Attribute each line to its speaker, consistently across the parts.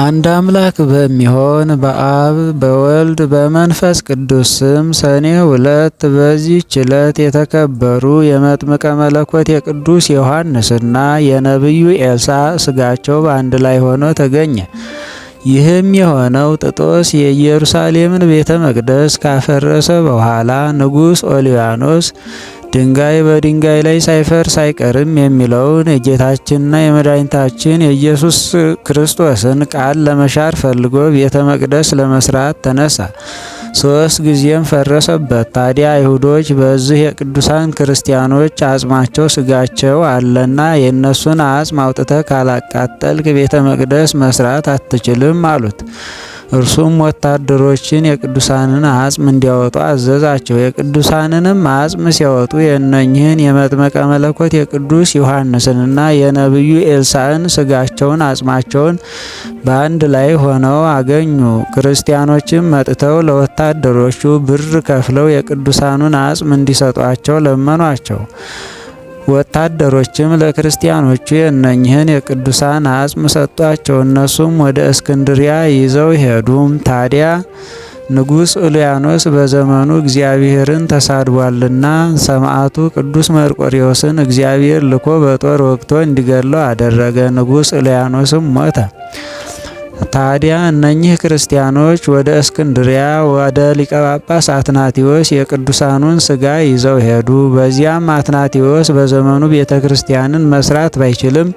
Speaker 1: አንድ አምላክ በሚሆን በአብ በወልድ በመንፈስ ቅዱስ ስም ሰኔ ሁለት በዚህች ዕለት የተከበሩ የመጥምቀ መለኮት የቅዱስ ዮሐንስና የነቢዩ ኤልሳ ስጋቸው በአንድ ላይ ሆኖ ተገኘ። ይህም የሆነው ጥጦስ የኢየሩሳሌምን ቤተ መቅደስ ካፈረሰ በኋላ ንጉሥ ኦሊያኖስ ድንጋይ በድንጋይ ላይ ሳይፈርስ አይቀርም የሚለውን የጌታችንና የመድኃኒታችን የኢየሱስ ክርስቶስን ቃል ለመሻር ፈልጎ ቤተ መቅደስ ለመስራት ተነሳ። ሶስት ጊዜም ፈረሰበት። ታዲያ አይሁዶች በዚህ የቅዱሳን ክርስቲያኖች አጽማቸው ስጋቸው አለና የእነሱን አጽም አውጥተ ካላቃጠልክ ቤተ መቅደስ መስራት አትችልም አሉት። እርሱም ወታደሮችን የቅዱሳንን አጽም እንዲያወጡ አዘዛቸው። የቅዱሳንንም አጽም ሲያወጡ የእነኝህን የመጥመቀ መለኮት የቅዱስ ዮሐንስንና የነቢዩ ኤልሳዕን ስጋቸውን አጽማቸውን በአንድ ላይ ሆነው አገኙ። ክርስቲያኖችም መጥተው ለወታደሮቹ ብር ከፍለው የቅዱሳኑን አጽም እንዲሰጧቸው ለመኗቸው። ወታደሮችም ለክርስቲያኖቹ የእነኝህን የቅዱሳን አጽም ሰጧቸው። እነሱም ወደ እስክንድሪያ ይዘው ሄዱም። ታዲያ ንጉሥ ኡልያኖስ በዘመኑ እግዚአብሔርን ተሳድቧልና ሰማዕቱ ቅዱስ መርቆሬዎስን እግዚአብሔር ልኮ በጦር ወግቶ እንዲገለው አደረገ። ንጉሥ ኡልያኖስም ሞተ። ታዲያ እነኚህ ክርስቲያኖች ወደ እስክንድሪያ ወደ ሊቀ ጳጳስ አትናቴዎስ የቅዱሳኑን ስጋ ይዘው ሄዱ። በዚያም አትናቴዎስ በዘመኑ ቤተ ክርስቲያንን መስራት ባይችልም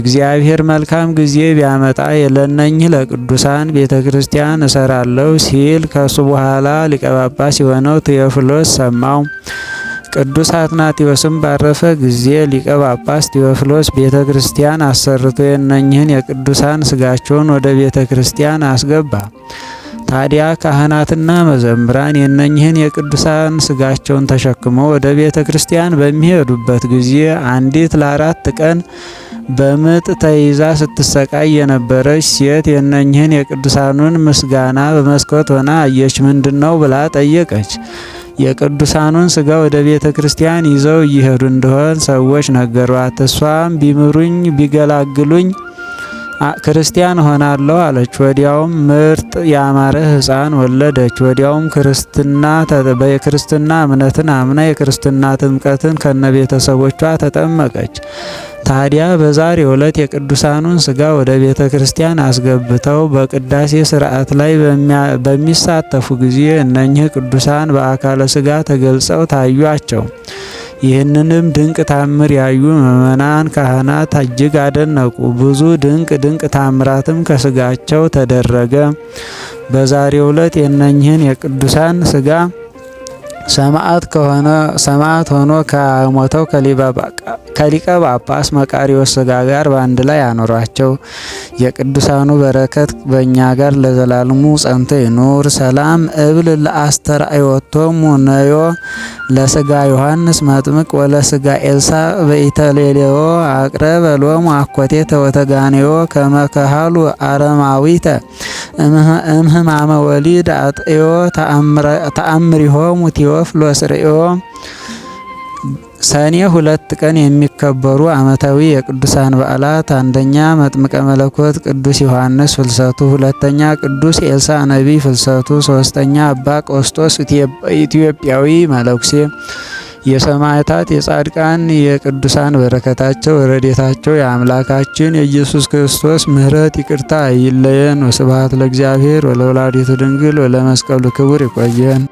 Speaker 1: እግዚአብሔር መልካም ጊዜ ቢያመጣ የለነኝህ ለቅዱሳን ቤተ ክርስቲያን እሰራለሁ ሲል ከሱ በኋላ ሊቀ ጳጳስ የሆነው ቴዎፍሎስ ሰማው። ቅዱስ አትናቴዎስም ባረፈ ጊዜ ሊቀ ጳጳስ ቴዎፍሎስ ቤተ ክርስቲያን አሰርቶ የእነኝህን የቅዱሳን ስጋቸውን ወደ ቤተ ክርስቲያን አስገባ። ታዲያ ካህናትና መዘምራን የነኝህን የቅዱሳን ስጋቸውን ተሸክመው ወደ ቤተ ክርስቲያን በሚሄዱበት ጊዜ አንዲት ለአራት ቀን በምጥ ተይዛ ስትሰቃይ የነበረች ሴት የነኝህን የቅዱሳኑን ምስጋና በመስኮት ሆና አየች። ምንድን ነው ብላ ጠየቀች። የቅዱሳኑን ስጋ ወደ ቤተ ክርስቲያን ይዘው እየሄዱ እንደሆን ሰዎች ነገሯት። እሷም ቢምሩኝ ቢገላግሉኝ ክርስቲያን ሆናለሁ አለች። ወዲያውም ምርጥ ያማረ ሕፃን ወለደች። ወዲያውም ክርስትና የክርስትና እምነትን አምና የክርስትና ጥምቀትን ከነ ቤተሰቦቿ ተጠመቀች። ታዲያ በዛሬ ዕለት የቅዱሳኑን ስጋ ወደ ቤተ ክርስቲያን አስገብተው በቅዳሴ ስርዓት ላይ በሚሳተፉ ጊዜ እነኚህ ቅዱሳን በአካለ ስጋ ተገልጸው ታዩአቸው። ይህንንም ድንቅ ታምር ያዩ ምእመናን ካህናት እጅግ አደነቁ። ብዙ ድንቅ ድንቅ ታምራትም ከስጋቸው ተደረገ። በዛሬው ዕለት የእነኝህን የቅዱሳን ስጋ ሰማዕት ከሆነ ሰማዕት ሆኖ ከሞተው ከሊቀ ጳጳስ መቃሪዎስ ስጋ ጋር በአንድ ላይ አኖሯቸው። የቅዱሳኑ በረከት በእኛ ጋር ለዘላለሙ ጸንቶ ይኑር። ሰላም እብል ለአስተርእዮቶሙ ነዮ ለስጋ ዮሐንስ መጥምቅ ወለስጋ ኤልሳ በኢተሌሌዎ አቅረበ ሎሙ አኮቴተ ወተጋኔዮ ከመከሃሉ አረማዊተ እምህማመ ወሊድ አጥዮ ተአምሪሆሙ ቴዎ ዮፍ ሎስርዮ ሰኔ ሁለት ቀን የሚከበሩ ዓመታዊ የቅዱሳን በዓላት፣ አንደኛ መጥምቀ መለኮት ቅዱስ ዮሐንስ ፍልሰቱ፣ ሁለተኛ ቅዱስ ኤልሳ ነቢይ ፍልሰቱ፣ ሶስተኛ አባ ቆስጦስ ኢትዮጵያዊ መለኩሴ። የሰማዕታት የጻድቃን የቅዱሳን በረከታቸው ረዴታቸው የአምላካችን የኢየሱስ ክርስቶስ ምሕረት ይቅርታ ይለየን። ወስብሐት ለእግዚአብሔር ወለወላዲቱ ድንግል ወለመስቀሉ ክቡር። ይቆየን።